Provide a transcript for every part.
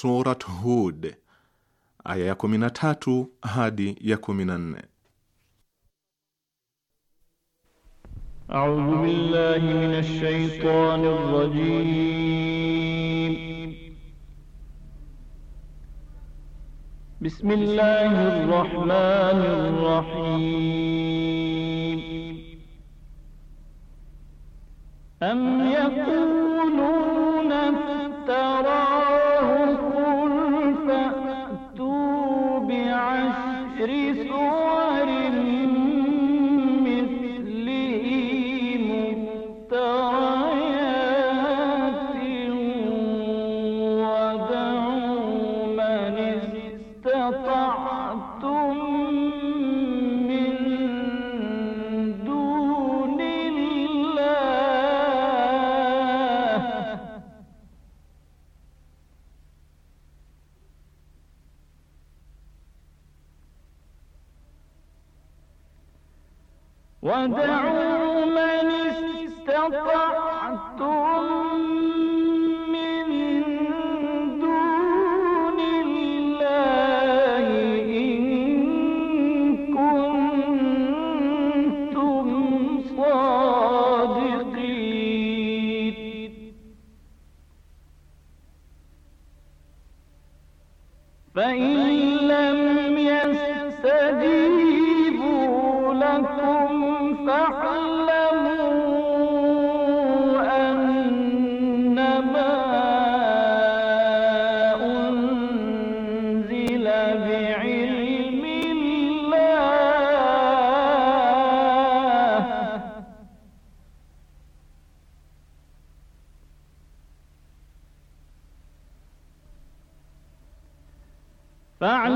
Surat Hud aya ya 13 hadi ya 14. A'udhu billahi minash shaitanir rajim. Bismillahir rahmanir rahim. Am yakuluna tara فاعل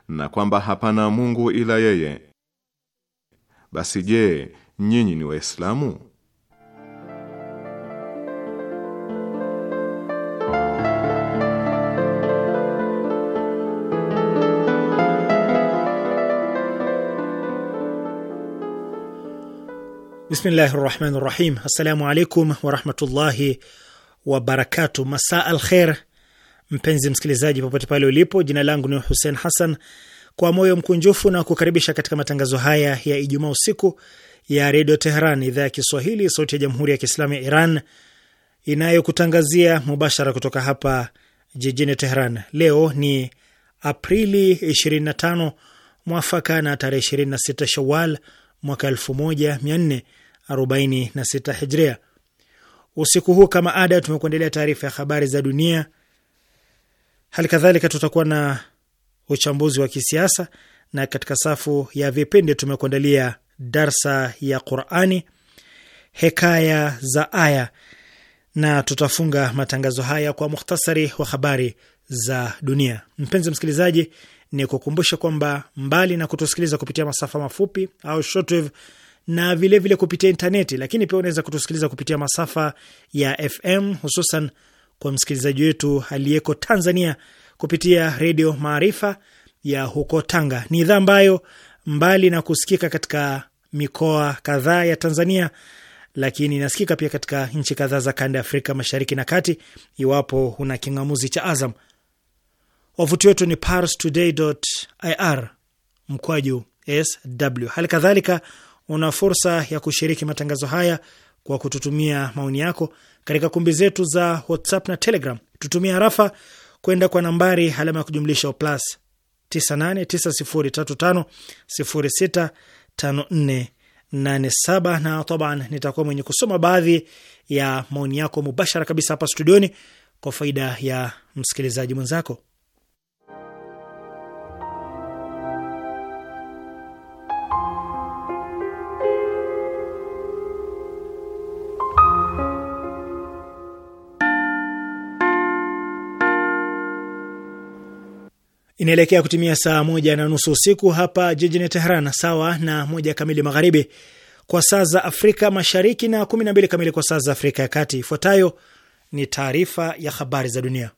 na kwamba hapana Mungu ila yeye. Basi je, nyinyi ni Waislamu? Bismillahi rahmani rahim. Assalamu alaikum warahmatullahi wabarakatu. Masaa al kher mpenzi msikilizaji, popote pale ulipo. Jina langu ni Hussein Hassan, kwa moyo mkunjufu na kukaribisha katika matangazo haya ya Ijumaa usiku ya Redio Teheran, idhaa ya Kiswahili, sauti ya Jamhuri ya Kiislamu ya Iran, inayokutangazia mubashara kutoka hapa jijini Teheran. Leo ni Aprili 25 mwafaka na tarehe 26 Shawal mwaka 1446 Hijria. Usiku huu kama ada, tumekuendelea taarifa ya habari za dunia Hali kadhalika tutakuwa na uchambuzi wa kisiasa, na katika safu ya vipindi tumekuandalia darsa ya Qurani, hekaya za aya, na tutafunga matangazo haya kwa mukhtasari wa habari za dunia. Mpenzi msikilizaji, ni kukumbusha kwamba mbali na kutusikiliza kupitia masafa mafupi au shortwave na vilevile vile kupitia intaneti, lakini pia unaweza kutusikiliza kupitia masafa ya FM hususan kwa msikilizaji wetu aliyeko Tanzania kupitia Redio Maarifa ya huko Tanga. Ni idhaa ambayo mbali na kusikika katika mikoa kadhaa ya Tanzania, lakini inasikika pia katika nchi kadhaa za kanda ya Afrika Mashariki na Kati, iwapo una king'amuzi cha Azam. Wavuti wetu ni parstoday.ir mkwaju sw. Hali kadhalika una fursa ya kushiriki matangazo haya kwa kututumia maoni yako katika kumbi zetu za WhatsApp na Telegram. Tutumia harafa kwenda kwa nambari alama ya kujumlisha plus 989035065487 na taban, nitakuwa mwenye kusoma baadhi ya maoni yako mubashara kabisa hapa studioni kwa faida ya msikilizaji mwenzako. inaelekea kutimia saa moja na nusu usiku hapa jijini teheran sawa na moja kamili magharibi kwa saa za Afrika Mashariki na kumi na mbili kamili kwa saa za Afrika ya Kati. Ifuatayo ni taarifa ya habari za dunia,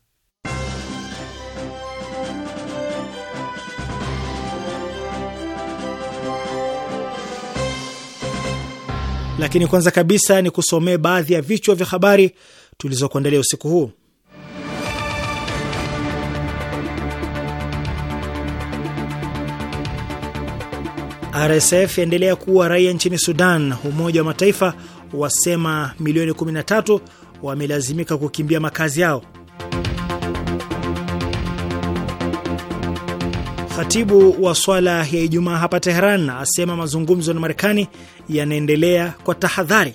lakini kwanza kabisa ni kusomee baadhi ya vichwa vya habari tulizokuandalia usiku huu. RSF yaendelea kuwa raia nchini Sudan. Umoja wa Mataifa wasema milioni 13 wamelazimika kukimbia makazi yao. Khatibu wa swala ya Ijumaa hapa Teheran asema mazungumzo na Marekani yanaendelea kwa tahadhari.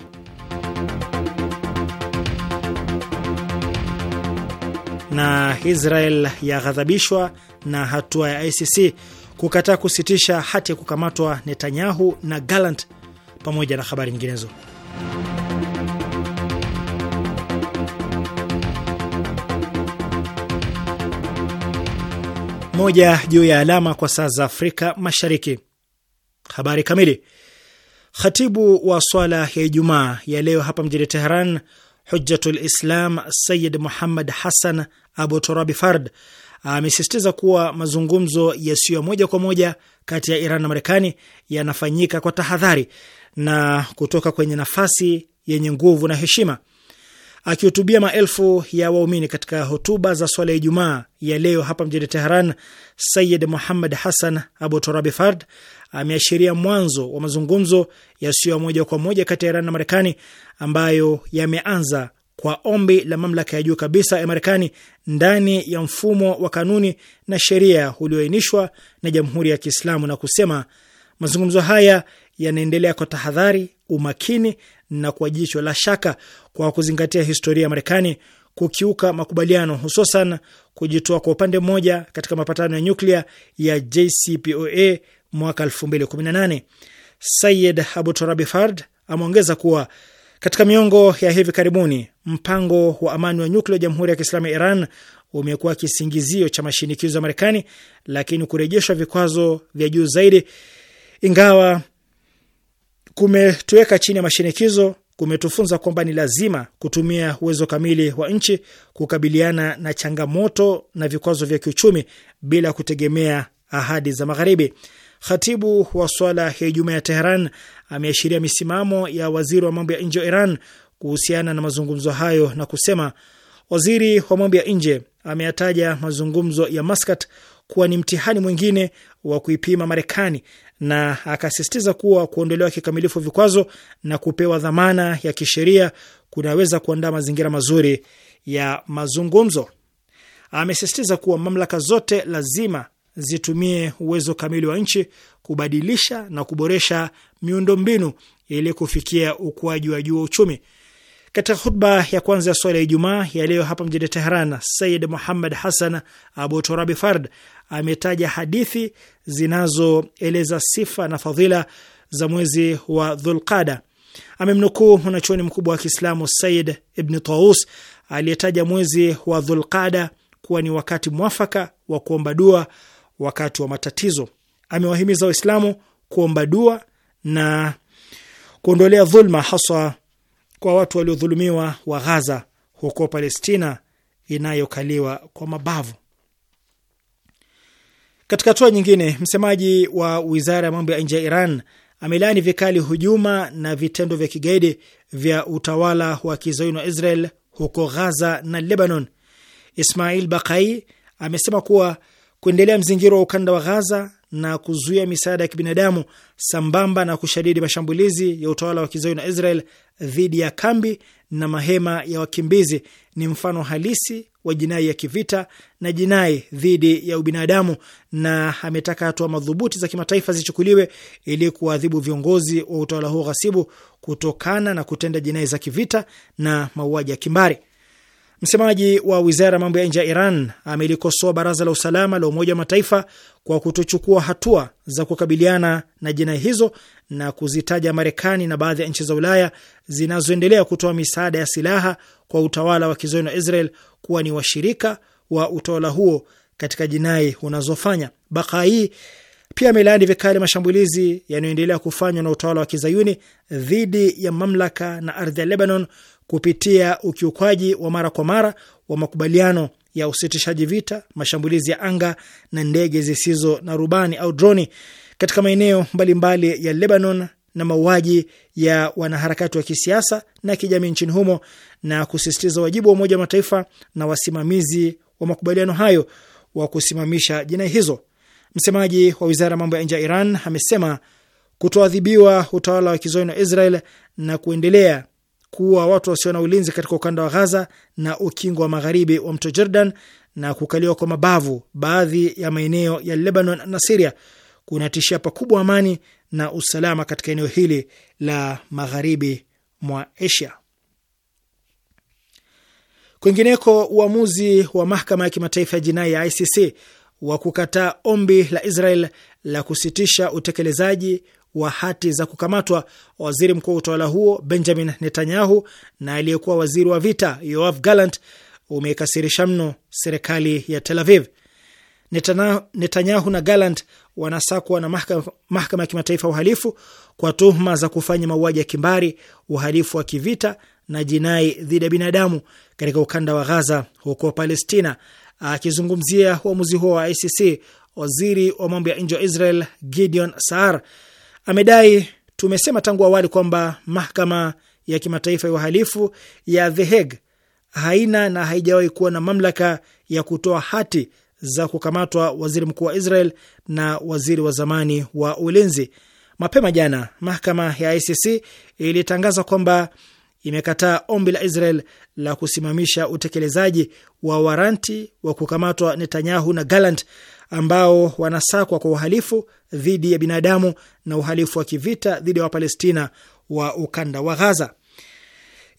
Na Israel yaghadhabishwa na hatua ya ICC kukataa kusitisha hati ya kukamatwa Netanyahu na Gallant pamoja na habari nyinginezo. Moja juu ya alama kwa saa za Afrika Mashariki. Habari kamili. Khatibu wa swala ya Ijumaa ya leo hapa mjini Teheran, Hujjatul Islam Sayid Muhammad Hassan Abu Torabi Fard amesisitiza kuwa mazungumzo yasiyo ya moja kwa moja kati ya Iran na Marekani yanafanyika kwa tahadhari na kutoka kwenye nafasi yenye nguvu na heshima. Akihutubia maelfu ya waumini katika hotuba za swala ya Ijumaa ya leo hapa mjini Teheran, Sayid Muhammad Hassan Abu Torabi Fard ameashiria mwanzo wa mazungumzo yasiyo ya moja kwa moja kati ya Iran na Marekani ambayo yameanza kwa ombi la mamlaka ya juu kabisa ya Marekani ndani ya mfumo wa kanuni na sheria ulioainishwa na Jamhuri ya Kiislamu na kusema mazungumzo haya yanaendelea kwa tahadhari, umakini na kwa jicho la shaka, kwa kuzingatia historia ya Marekani kukiuka makubaliano, hususan kujitoa kwa upande mmoja katika mapatano ya nyuklia ya JCPOA mwaka 2018. Sayid Abu Turabi Fard ameongeza kuwa katika miongo ya hivi karibuni, mpango wa amani wa nyuklia wa Jamhuri ya Kiislamu ya Iran umekuwa kisingizio cha mashinikizo ya Marekani, lakini kurejeshwa vikwazo vya juu zaidi, ingawa kumetuweka chini ya mashinikizo, kumetufunza kwamba ni lazima kutumia uwezo kamili wa nchi kukabiliana na changamoto na vikwazo vya kiuchumi bila kutegemea ahadi za Magharibi. Khatibu wa swala ya Ijumaa ya Teheran ameashiria misimamo ya waziri wa mambo ya nje wa Iran kuhusiana na mazungumzo hayo na kusema waziri wa mambo ya nje ameyataja mazungumzo ya Maskat kuwa ni mtihani mwingine wa kuipima Marekani na akasisitiza kuwa kuondolewa kikamilifu vikwazo na kupewa dhamana ya kisheria kunaweza kuandaa mazingira mazuri ya mazungumzo. Amesisitiza kuwa mamlaka zote lazima zitumie uwezo kamili wa nchi kubadilisha na kuboresha miundombinu ili kufikia ukuaji wa juu wa uchumi. Katika hutba ya kwanza ya swala ya Ijumaa ya leo hapa mjini Teheran, Sayid Muhammad Hassan Abu Torabi Fard ametaja hadithi zinazoeleza sifa na fadhila za mwezi wa Dhulqada. Amemnukuu mwanachuoni mkubwa wa Kiislamu Sayid Ibn Taus aliyetaja mwezi wa Dhulqada kuwa ni wakati mwafaka wa kuomba dua wakati wa matatizo. Amewahimiza Waislamu kuomba dua na kuondolea dhulma, haswa kwa watu waliodhulumiwa wa Ghaza huko Palestina inayokaliwa kwa mabavu. Katika hatua nyingine, msemaji wa wizara ya mambo ya nje ya Iran amelaani vikali hujuma na vitendo vya kigaidi vya utawala wa kizayuni wa Israel huko Ghaza na Lebanon. Ismail Bakai amesema kuwa kuendelea mzingiro wa ukanda wa Ghaza na kuzuia misaada ya kibinadamu sambamba na kushadidi mashambulizi ya utawala wa kizayuni na Israel dhidi ya kambi na mahema ya wakimbizi ni mfano halisi wa jinai ya kivita na jinai dhidi ya ubinadamu, na ametaka hatua madhubuti za kimataifa zichukuliwe ili kuwaadhibu viongozi wa utawala huo ghasibu kutokana na kutenda jinai za kivita na mauaji ya kimbari. Msemaji wa wizara ya mambo ya nje ya Iran amelikosoa baraza la usalama la Umoja wa Mataifa kwa kutochukua hatua za kukabiliana na jinai hizo na kuzitaja Marekani na baadhi ya nchi za Ulaya zinazoendelea kutoa misaada ya silaha kwa utawala wa kizayuni wa Israel kuwa ni washirika wa utawala huo katika jinai unazofanya. Bakai pia amelaani vikali mashambulizi yanayoendelea kufanywa na utawala wa kizayuni dhidi ya mamlaka na ardhi ya Lebanon kupitia ukiukwaji wa mara kwa mara wa makubaliano ya usitishaji vita, mashambulizi ya anga na ndege zisizo na rubani au droni katika maeneo mbalimbali ya Lebanon na mauaji ya wanaharakati wa kisiasa na kijamii nchini humo na kusisitiza wajibu wa Umoja wa Mataifa na wasimamizi wa makubaliano hayo wa kusimamisha jinai hizo. Msemaji wa wizara ya mambo ya nje ya Iran amesema kutoadhibiwa utawala wa kizoni wa Israel na kuendelea kuwa watu wasio na ulinzi katika ukanda wa Ghaza na ukingo wa magharibi wa mto Jordan na kukaliwa kwa mabavu baadhi ya maeneo ya Lebanon na Siria kunatishia pakubwa amani na usalama katika eneo hili la magharibi mwa Asia. Kwingineko, uamuzi wa mahakama ya kimataifa ya jinai ya ICC wa kukataa ombi la Israel la kusitisha utekelezaji wa hati za kukamatwa waziri mkuu wa utawala huo Benjamin Netanyahu na aliyekuwa waziri wa vita Yoav Gallant umeikasirisha mno serikali ya Tel Aviv. Netanyahu na Gallant wanasakwa na mahakama ya kimataifa ya uhalifu kwa tuhuma za kufanya mauaji ya kimbari, uhalifu wa kivita na jinai dhidi ya binadamu katika ukanda wa Ghaza huko Palestina. Akizungumzia uamuzi huo wa ICC, waziri wa mambo ya nje wa Israel Gideon Saar Amedai tumesema tangu awali kwamba mahakama ya kimataifa ya uhalifu ya The Hague haina na haijawahi kuwa na mamlaka ya kutoa hati za kukamatwa waziri mkuu wa Israel na waziri wa zamani wa ulinzi. Mapema jana mahakama ya ICC ilitangaza kwamba imekataa ombi la Israel la kusimamisha utekelezaji wa waranti wa kukamatwa Netanyahu na Gallant ambao wanasakwa kwa uhalifu dhidi ya binadamu na uhalifu wa kivita dhidi ya Wapalestina wa ukanda wa Ghaza.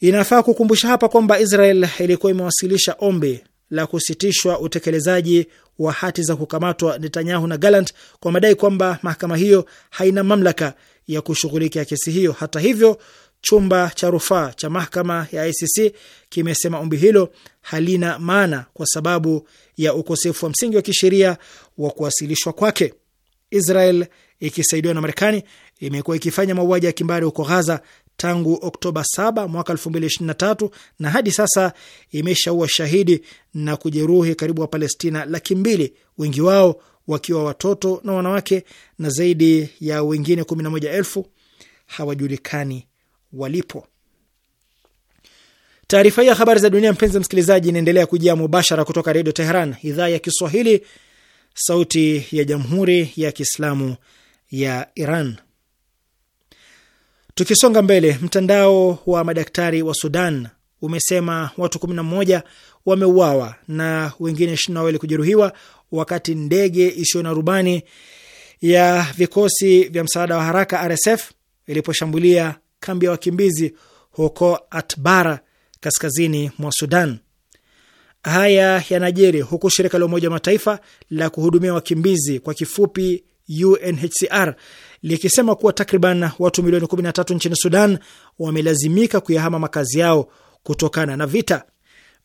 Inafaa kukumbusha hapa kwamba Israel ilikuwa imewasilisha ombi la kusitishwa utekelezaji wa hati za kukamatwa Netanyahu na Gallant kwa madai kwamba mahakama hiyo haina mamlaka ya kushughulikia kesi hiyo. Hata hivyo, Chumba cha rufaa cha mahakama ya ICC kimesema ombi hilo halina maana kwa sababu ya ukosefu wa msingi wa kisheria wa kuwasilishwa kwake. Israel ikisaidiwa na Marekani imekuwa ikifanya mauaji ya kimbari huko Ghaza tangu Oktoba 7 mwaka 2023 na hadi sasa imeshaua shahidi na kujeruhi karibu Wapalestina laki mbili, wengi wao wakiwa watoto na wanawake, na zaidi ya wengine 11,000 hawajulikani walipo. Taarifa hii ya habari za dunia, mpenzi msikilizaji, inaendelea kujia mubashara kutoka Redio Teheran, idhaa ya Kiswahili, sauti ya Jamhuri ya Kiislamu ya Iran. Tukisonga mbele, mtandao wa madaktari wa Sudan umesema watu 11 wameuawa na wengine 22 kujeruhiwa wakati ndege isiyo na rubani ya vikosi vya msaada wa haraka RSF iliposhambulia kambi ya wakimbizi huko Atbara, kaskazini mwa Sudan. Haya yanajiri huku shirika la Umoja wa Mataifa la kuhudumia wakimbizi kwa kifupi UNHCR likisema kuwa takriban watu milioni 13 nchini Sudan wamelazimika kuyahama makazi yao kutokana na vita.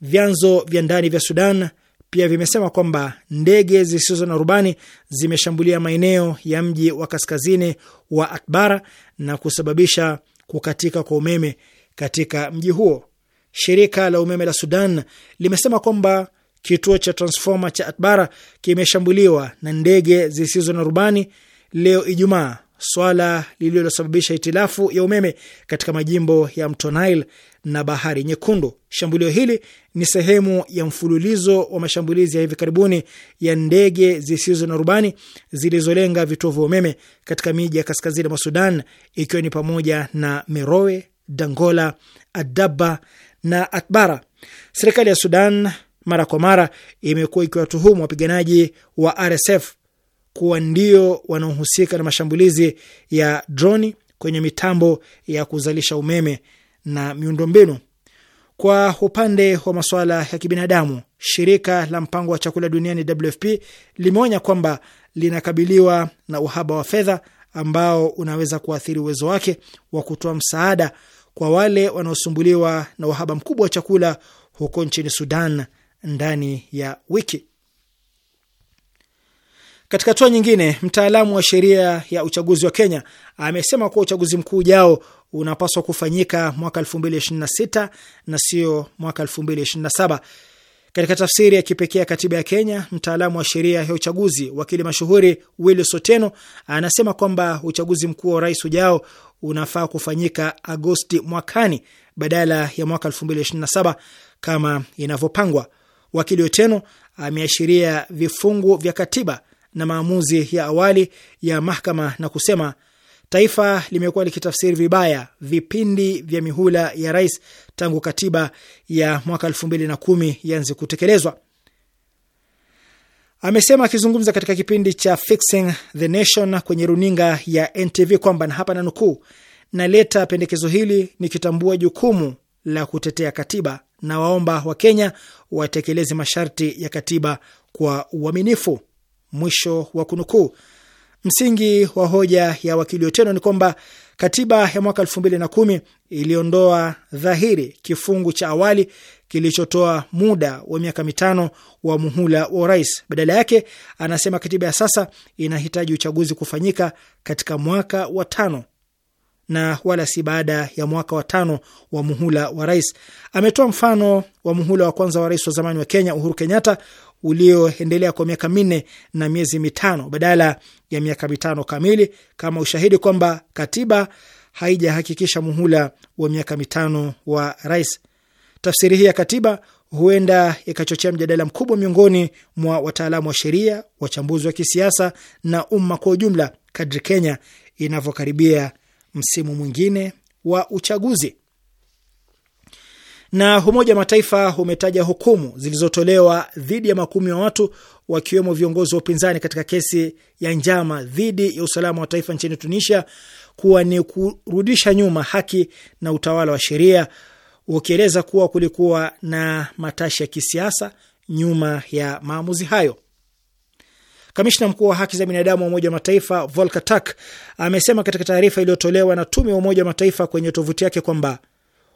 Vyanzo vya ndani vya Sudan pia vimesema kwamba ndege zisizo na rubani zimeshambulia maeneo ya mji wa kaskazini wa Atbara na kusababisha kukatika kwa umeme katika mji huo. Shirika la umeme la Sudan limesema kwamba kituo cha transfoma cha Atbara kimeshambuliwa na ndege zisizo na rubani leo Ijumaa swala lililosababisha hitilafu ya umeme katika majimbo ya mto Nile na bahari Nyekundu. Shambulio hili ni sehemu ya mfululizo wa mashambulizi ya hivi karibuni ya ndege zisizo na rubani zilizolenga vituo vya umeme katika miji ya kaskazini mwa Sudan, ikiwa ni pamoja na Merowe, Dangola, Adaba na Atbara. Serikali ya Sudan mara kwa mara imekuwa ikiwatuhumu wapiganaji wa RSF kuwa ndio wanaohusika na mashambulizi ya droni kwenye mitambo ya kuzalisha umeme na miundombinu. Kwa upande wa masuala ya kibinadamu, shirika la mpango wa chakula duniani WFP limeonya kwamba linakabiliwa na uhaba wa fedha ambao unaweza kuathiri uwezo wake wa kutoa msaada kwa wale wanaosumbuliwa na uhaba mkubwa wa chakula huko nchini Sudan ndani ya wiki. Katika hatua nyingine, mtaalamu wa sheria ya uchaguzi wa Kenya amesema kuwa uchaguzi mkuu ujao unapaswa kufanyika mwaka 2026 na sio mwaka 2027. Katika tafsiri ya kipekee ya katiba ya Kenya, mtaalamu wa sheria ya uchaguzi, wakili mashuhuri Willis Soteno, anasema kwamba uchaguzi mkuu wa rais ujao unafaa kufanyika Agosti mwakani badala ya mwaka 2027 kama inavyopangwa. Wakili Oteno ameashiria vifungu vya katiba na maamuzi ya awali ya mahakama na kusema taifa limekuwa likitafsiri vibaya vipindi vya mihula ya rais tangu katiba ya mwaka elfu mbili na kumi ianze kutekelezwa. Amesema akizungumza katika kipindi cha Fixing the Nation kwenye runinga ya NTV kwamba na hapa na nukuu, naleta pendekezo hili nikitambua jukumu la kutetea katiba na waomba Wakenya watekeleze masharti ya katiba kwa uaminifu. Mwisho wa kunukuu. Msingi wa hoja ya wakili Otieno ni kwamba katiba ya mwaka elfu mbili na kumi iliondoa dhahiri kifungu cha awali kilichotoa muda wa miaka mitano wa muhula wa urais. Badala yake, anasema katiba ya sasa inahitaji uchaguzi kufanyika katika mwaka wa tano na wala si baada ya mwaka wa tano wa muhula wa rais. Ametoa mfano wa muhula wa kwanza wa rais wa zamani wa Kenya Uhuru Kenyatta ulioendelea kwa miaka minne na miezi mitano badala ya miaka mitano kamili kama ushahidi kwamba katiba haijahakikisha muhula wa miaka mitano wa rais. Tafsiri hii ya katiba huenda ikachochea mjadala mkubwa miongoni mwa wataalamu wa sheria, wachambuzi wa kisiasa na umma kwa ujumla kadri Kenya inavyokaribia msimu mwingine wa uchaguzi. Na Umoja wa Mataifa umetaja hukumu zilizotolewa dhidi ya makumi ya wa watu wakiwemo viongozi wa upinzani katika kesi ya njama dhidi ya usalama wa taifa nchini Tunisia kuwa ni kurudisha nyuma haki na utawala wa sheria, ukieleza kuwa kulikuwa na matashi ya kisiasa nyuma ya maamuzi hayo. Kamishna mkuu wa haki za binadamu wa Umoja wa Mataifa Volker Turk amesema katika taarifa iliyotolewa na tume ya Umoja wa Mataifa kwenye tovuti yake kwamba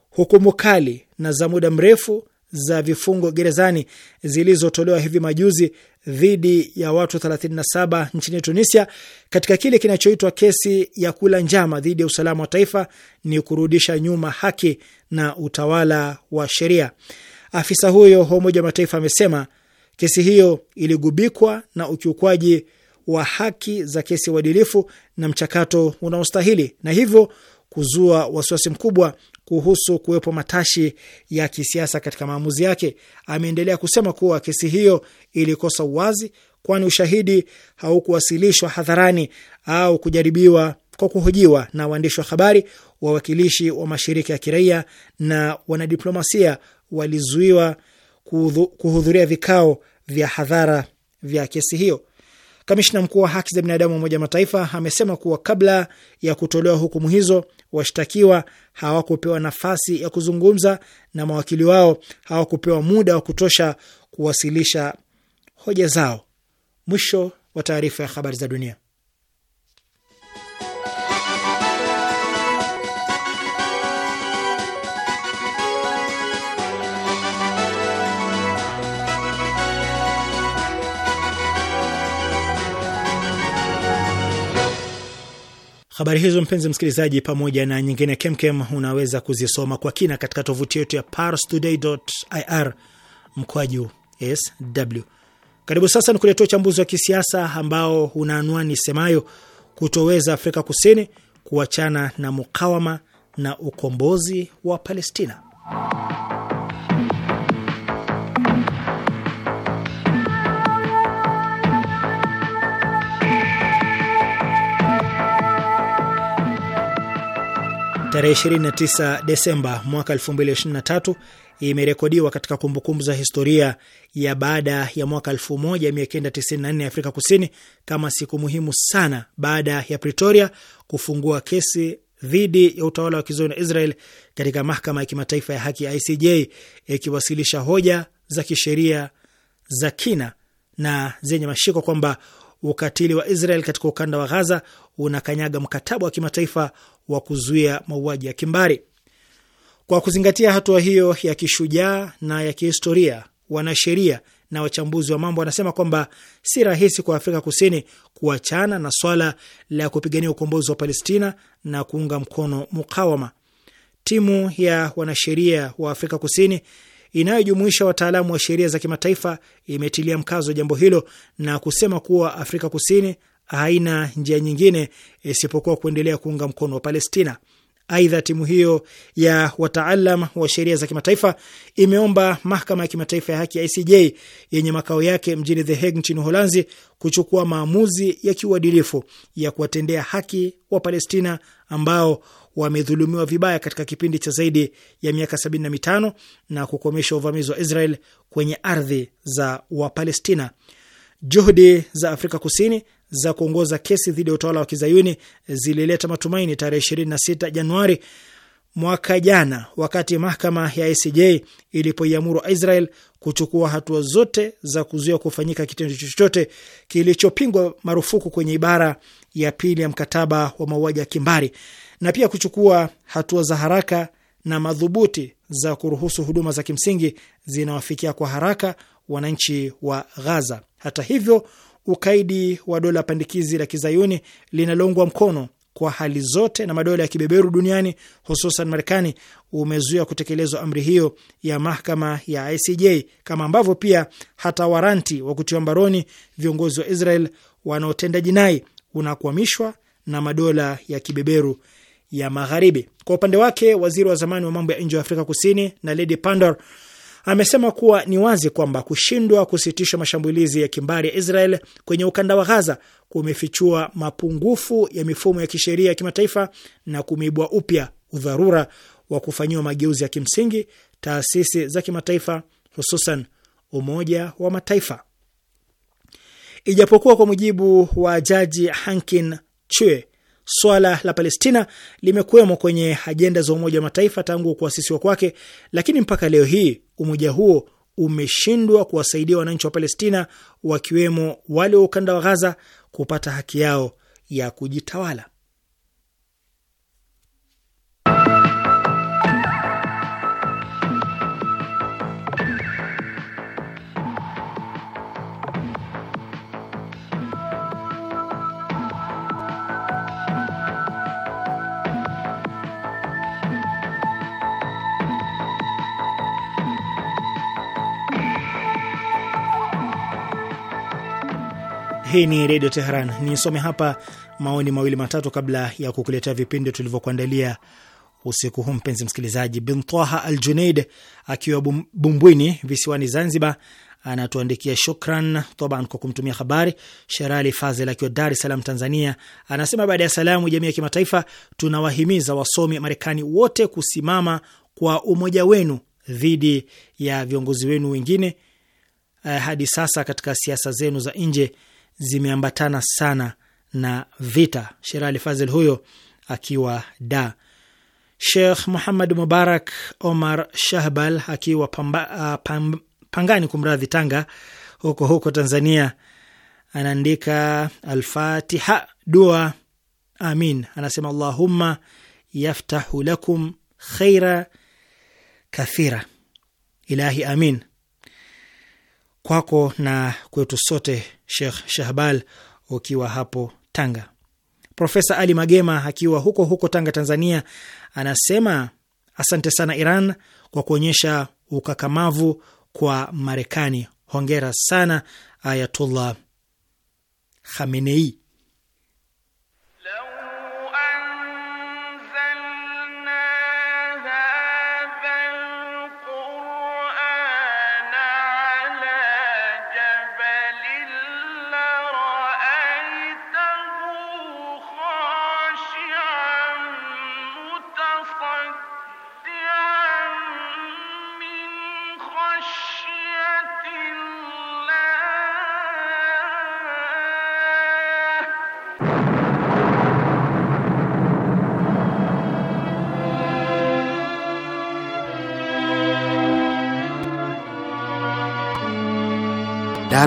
hukumu kali na za muda mrefu za vifungo gerezani zilizotolewa hivi majuzi dhidi ya watu 37 nchini Tunisia katika kile kinachoitwa kesi ya kula njama dhidi ya usalama wa taifa ni kurudisha nyuma haki na utawala wa sheria. Afisa huyo wa Umoja wa Mataifa amesema kesi hiyo iligubikwa na ukiukwaji wa haki za kesi uadilifu na mchakato unaostahili na hivyo kuzua wasiwasi mkubwa kuhusu kuwepo matashi ya kisiasa katika maamuzi yake. Ameendelea kusema kuwa kesi hiyo ilikosa uwazi, kwani ushahidi haukuwasilishwa hadharani au kujaribiwa kwa kuhojiwa na waandishi wa habari. Wawakilishi wa mashirika ya kiraia na wanadiplomasia walizuiwa kuhudhuria vikao vya hadhara vya kesi hiyo. Kamishna mkuu wa haki za binadamu wa Umoja wa Mataifa amesema kuwa kabla ya kutolewa hukumu hizo, washtakiwa hawakupewa nafasi ya kuzungumza na mawakili wao hawakupewa muda wa kutosha kuwasilisha hoja zao. Mwisho wa taarifa ya habari za dunia. Habari hizo mpenzi msikilizaji, pamoja na nyingine kemkem, unaweza kuzisoma kwa kina katika tovuti yetu ya parstoday.ir mkwaju sw. Karibu sasa ni kuletea uchambuzi wa kisiasa ambao una anwani semayo kutoweza Afrika Kusini kuachana na mukawama na ukombozi wa Palestina. Tarehe 29 Desemba mwaka 2023 imerekodiwa katika kumbukumbu za historia ya baada ya mwaka 1994 ya Afrika Kusini kama siku muhimu sana baada ya Pretoria kufungua kesi dhidi ya utawala wa kizayuni na Israel katika mahakama ya kimataifa ya haki ya ICJ ikiwasilisha hoja za kisheria za kina na zenye mashiko kwamba ukatili wa Israel katika ukanda wa Gaza unakanyaga mkataba wa kimataifa wa kuzuia mauaji ya kimbari. Kwa kuzingatia hatua hiyo ya kishujaa na ya kihistoria, wanasheria na wachambuzi wa mambo wanasema kwamba si rahisi kwa Afrika Kusini kuachana na swala la kupigania ukombozi wa Palestina na kuunga mkono mukawama. Timu ya wanasheria wa Afrika Kusini inayojumuisha wataalamu wa sheria za kimataifa imetilia mkazo jambo hilo na kusema kuwa Afrika Kusini haina njia nyingine isipokuwa kuendelea kuunga mkono wa Palestina. Aidha, timu hiyo ya wataalam wa sheria za kimataifa imeomba mahakama ya kimataifa ya haki ya ICJ yenye makao yake mjini The Hague nchini Uholanzi kuchukua maamuzi ya kiuadilifu ya kuwatendea haki wa Palestina ambao wamedhulumiwa vibaya katika kipindi cha zaidi ya miaka 75 na kukomesha uvamizi wa Israel kwenye ardhi za Wapalestina. Juhudi za Afrika Kusini za kuongoza kesi dhidi ya utawala wa kizayuni zilileta matumaini tarehe 26 Januari mwaka jana, wakati mahakama ya ICJ ilipoiamuru Israel kuchukua hatua zote za kuzuia kufanyika kitendo chochote kilichopingwa marufuku kwenye ibara ya pili ya mkataba wa mauaji ya kimbari na pia kuchukua hatua za haraka na madhubuti za kuruhusu huduma za kimsingi zinawafikia kwa haraka wananchi wa Gaza. Hata hivyo ukaidi wa dola pandikizi la kizayuni linaloungwa mkono kwa hali zote na madola ya kibeberu duniani hususan Marekani umezuia kutekelezwa amri hiyo ya mahakama ya ICJ, kama ambavyo pia hata waranti wa kutiwa mbaroni viongozi wa Israel wanaotenda jinai unakwamishwa na madola ya kibeberu ya Magharibi. Kwa upande wake, waziri wa zamani wa mambo ya nje wa Afrika Kusini na Ledi Pandor amesema kuwa ni wazi kwamba kushindwa kusitisha mashambulizi ya kimbari ya Israel kwenye ukanda wa Ghaza kumefichua mapungufu ya mifumo ya kisheria ya kimataifa na kumeibua upya udharura wa kufanyiwa mageuzi ya kimsingi taasisi za kimataifa hususan Umoja wa Mataifa. Ijapokuwa kwa mujibu wa Jaji Hankin Chue Swala la Palestina limekuwemo kwenye ajenda za Umoja wa Mataifa tangu kuasisiwa kwake, lakini mpaka leo hii umoja huo umeshindwa kuwasaidia wananchi wa Palestina, wakiwemo wale wa ukanda wa Ghaza kupata haki yao ya kujitawala. Hii ni Redio Teheran. Nisome hapa maoni mawili matatu kabla ya kukuletea vipindi tulivyokuandalia usiku huu. Mpenzi msikilizaji, Bintaha Al Junaid akiwa Bumbwini visiwani Zanzibar anatuandikia shukran toban kwa kumtumia habari. Sherali Fazel akiwa Dar es Salaam, Tanzania, anasema baada ya salamu, jamii ya kimataifa, tunawahimiza wasomi Marekani wote kusimama kwa umoja wenu dhidi ya viongozi wenu wengine eh, hadi sasa katika siasa zenu za nje zimeambatana sana na vita. Sherali Fazil huyo akiwa da Sheikh Muhammad Mubarak Omar Shahbal akiwa pamba, uh, pam, Pangani, kumradhi, Tanga huko huko Tanzania, anaandika Alfatiha dua amin, anasema Allahumma yaftahu lakum khaira kathira ilahi amin kwako na kwetu sote, Sheikh Shahbal, ukiwa hapo Tanga. Profesa Ali Magema akiwa huko huko Tanga, Tanzania, anasema asante sana Iran kwa kuonyesha ukakamavu kwa Marekani. Hongera sana Ayatullah Khamenei.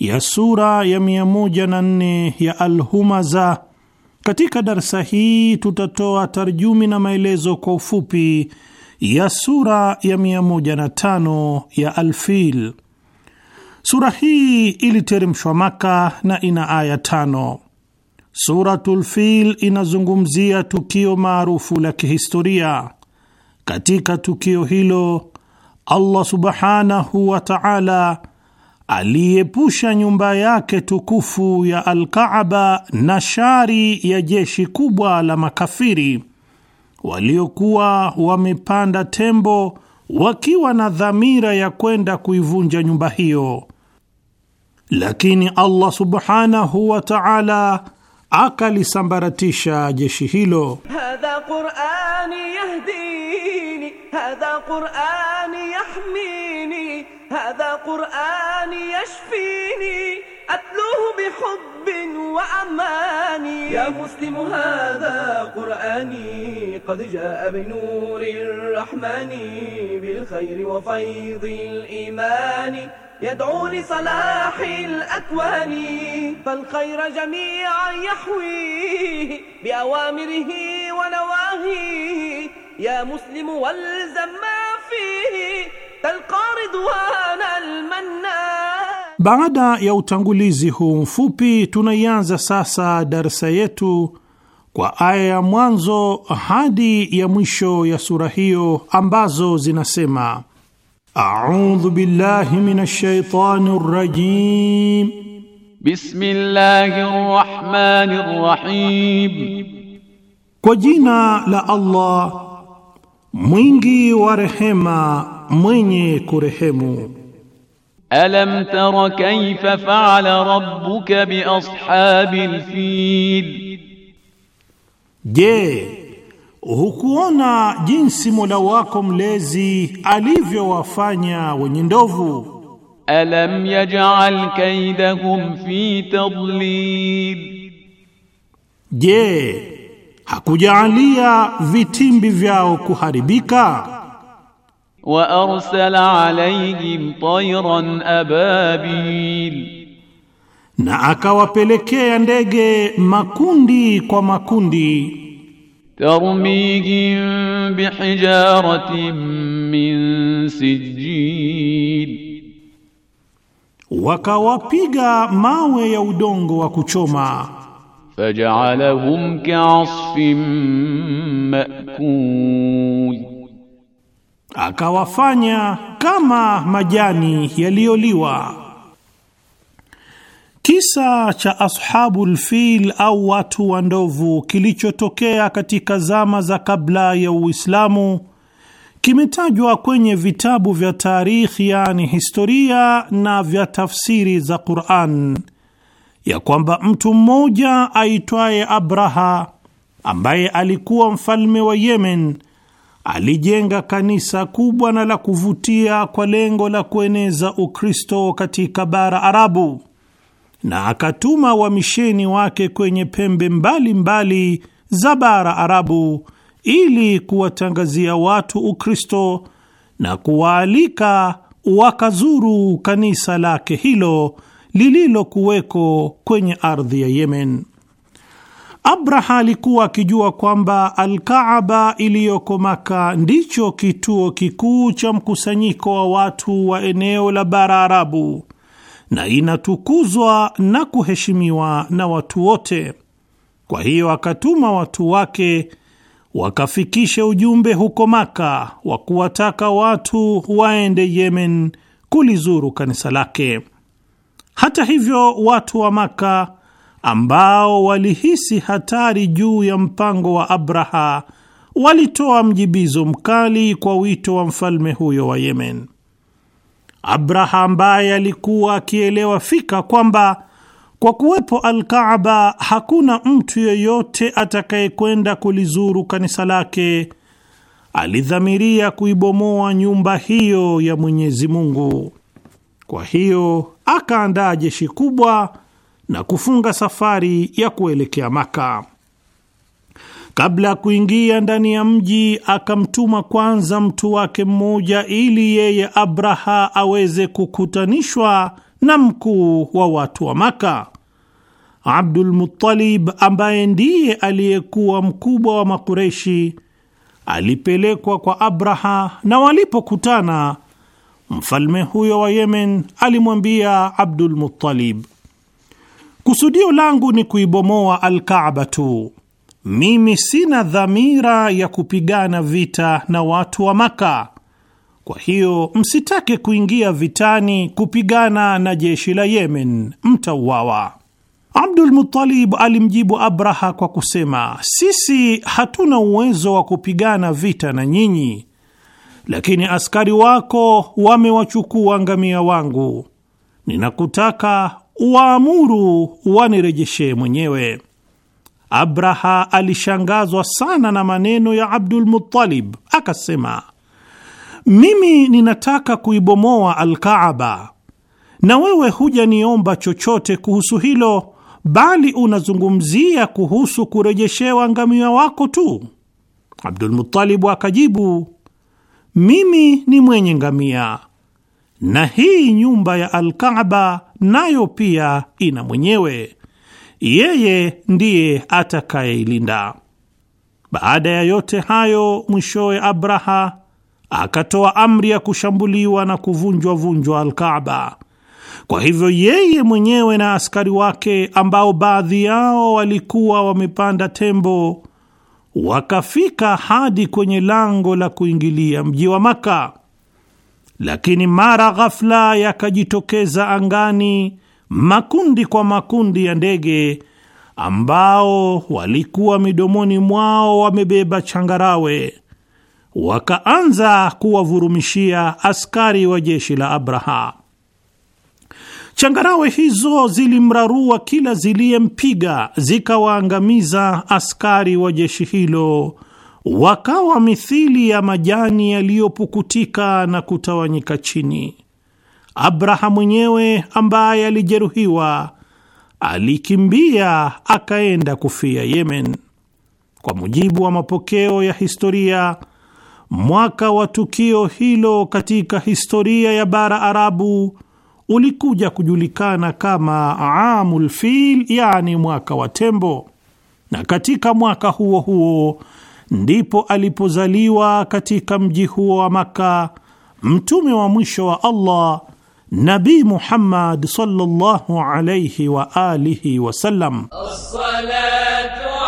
ya sura ya 104 ya Alhumaza. Katika darsa hii tutatoa tarjumi na maelezo kwa ufupi ya sura ya tano ya Alfil. Sura hii iliteremshwa Maka na ina aya tano. Suratul Fil inazungumzia tukio maarufu la kihistoria. Katika tukio hilo, Allah subhanahu wa ta'ala aliyepusha nyumba yake tukufu ya Alkaaba na shari ya jeshi kubwa la makafiri waliokuwa wamepanda tembo wakiwa na dhamira ya kwenda kuivunja nyumba hiyo, lakini Allah subhanahu wa ta'ala akalisambaratisha jeshi hilo. Hadha Qur'ani yahdini, hadha Qur'ani yahmini. هذا قرآن يشفيني أتلوه بحب وأمان يا مسلم هذا قرآني قد جاء بنور الرحمن بالخير وفيض الإيمان يدعو لصلاح الأكوان فالخير جميعا يحويه بأوامره ونواهيه يا مسلم والزم ما فيه Baada ya utangulizi huu mfupi, tunaianza sasa darsa yetu kwa aya ya mwanzo hadi ya mwisho ya sura hiyo ambazo zinasema: audhu billahi minash shaitani rrajim, bismillahir rahmani rahim, kwa jina la Allah mwingi wa rehema mwenye kurehemu. Alam tara kayfa fa'ala rabbuka bi ashabil fil, je, hukuona jinsi Mola wako mlezi alivyowafanya wenye ndovu? Alam yaj'al kaydahum fi tadlil, je, hakujaalia vitimbi vyao kuharibika? wa arsala alayhim tayran ababil, na akawapelekea ndege makundi kwa makundi. Tarmihim bihijaratin min sijil, wakawapiga mawe ya udongo wa kuchoma. Fajalahum ka'asfin ma'kul akawafanya kama majani yaliyoliwa. Kisa cha ashabu lfil au watu wa ndovu kilichotokea katika zama za kabla ya Uislamu kimetajwa kwenye vitabu vya tarikhi, yani historia na vya tafsiri za Qur'an, ya kwamba mtu mmoja aitwaye Abraha ambaye alikuwa mfalme wa Yemen alijenga kanisa kubwa na la kuvutia kwa lengo la kueneza Ukristo katika bara Arabu na akatuma wamisheni wake kwenye pembe mbalimbali mbali za bara Arabu ili kuwatangazia watu Ukristo na kuwaalika wakazuru kanisa lake hilo lililokuweko kwenye ardhi ya Yemen. Abraha alikuwa akijua kwamba Alkaaba iliyoko Maka ndicho kituo kikuu cha mkusanyiko wa watu wa eneo la bara Arabu na inatukuzwa na kuheshimiwa na watu wote. Kwa hiyo akatuma watu wake wakafikishe ujumbe huko Maka wa kuwataka watu waende Yemen kulizuru kanisa lake. Hata hivyo, watu wa Maka ambao walihisi hatari juu ya mpango wa Abraha walitoa mjibizo mkali kwa wito wa mfalme huyo wa Yemen. Abraha ambaye alikuwa akielewa fika kwamba kwa kuwepo Alkaaba hakuna mtu yeyote atakayekwenda kulizuru kanisa lake, alidhamiria kuibomoa nyumba hiyo ya Mwenyezi Mungu. Kwa hiyo akaandaa jeshi kubwa na kufunga safari ya kuelekea Maka. Kabla ya kuingia ndani ya mji, akamtuma kwanza mtu wake mmoja, ili yeye Abraha aweze kukutanishwa na mkuu wa watu wa Maka, Abdul Muttalib, ambaye ndiye aliyekuwa mkubwa wa Makureshi. Alipelekwa kwa Abraha, na walipokutana, mfalme huyo wa Yemen alimwambia Abdul Muttalib, Kusudio langu ni kuibomoa Alkaaba tu. Mimi sina dhamira ya kupigana vita na watu wa Maka. Kwa hiyo msitake kuingia vitani kupigana na jeshi la Yemen, mtauawa. Abdul Muttalib alimjibu Abraha kwa kusema, sisi hatuna uwezo wa kupigana vita na nyinyi, lakini askari wako wamewachukua ngamia wangu. Ninakutaka waamuru wanirejeshee mwenyewe. Abraha alishangazwa sana na maneno ya Abdul Muttalib, akasema, mimi ninataka kuibomoa Alkaaba na wewe hujaniomba chochote kuhusu hilo, bali unazungumzia kuhusu kurejeshewa ngamia wako tu. Abdul Muttalibu akajibu, mimi ni mwenye ngamia na hii nyumba ya Alkaaba nayo pia ina mwenyewe, yeye ndiye atakayeilinda. Baada ya yote hayo, mwishowe Abraha akatoa amri ya kushambuliwa na kuvunjwa vunjwa Alkaaba. Kwa hivyo yeye mwenyewe na askari wake ambao baadhi yao walikuwa wamepanda tembo wakafika hadi kwenye lango la kuingilia mji wa Maka lakini mara ghafla yakajitokeza angani makundi kwa makundi ya ndege ambao walikuwa midomoni mwao wamebeba changarawe, wakaanza kuwavurumishia askari wa jeshi la Abraha. Changarawe hizo zilimrarua kila ziliyempiga, zikawaangamiza askari wa jeshi hilo wakawa mithili ya majani yaliyopukutika na kutawanyika chini. Abraha mwenyewe ambaye alijeruhiwa alikimbia akaenda kufia Yemen. Kwa mujibu wa mapokeo ya historia, mwaka wa tukio hilo katika historia ya bara Arabu ulikuja kujulikana kama Amul Fil, yani mwaka wa tembo, na katika mwaka huo huo ndipo alipozaliwa katika mji huo wa Makka mtume wa mwisho wa Allah Nabi Muhammad sallallahu alayhi wa alihi wasallam. As-salatu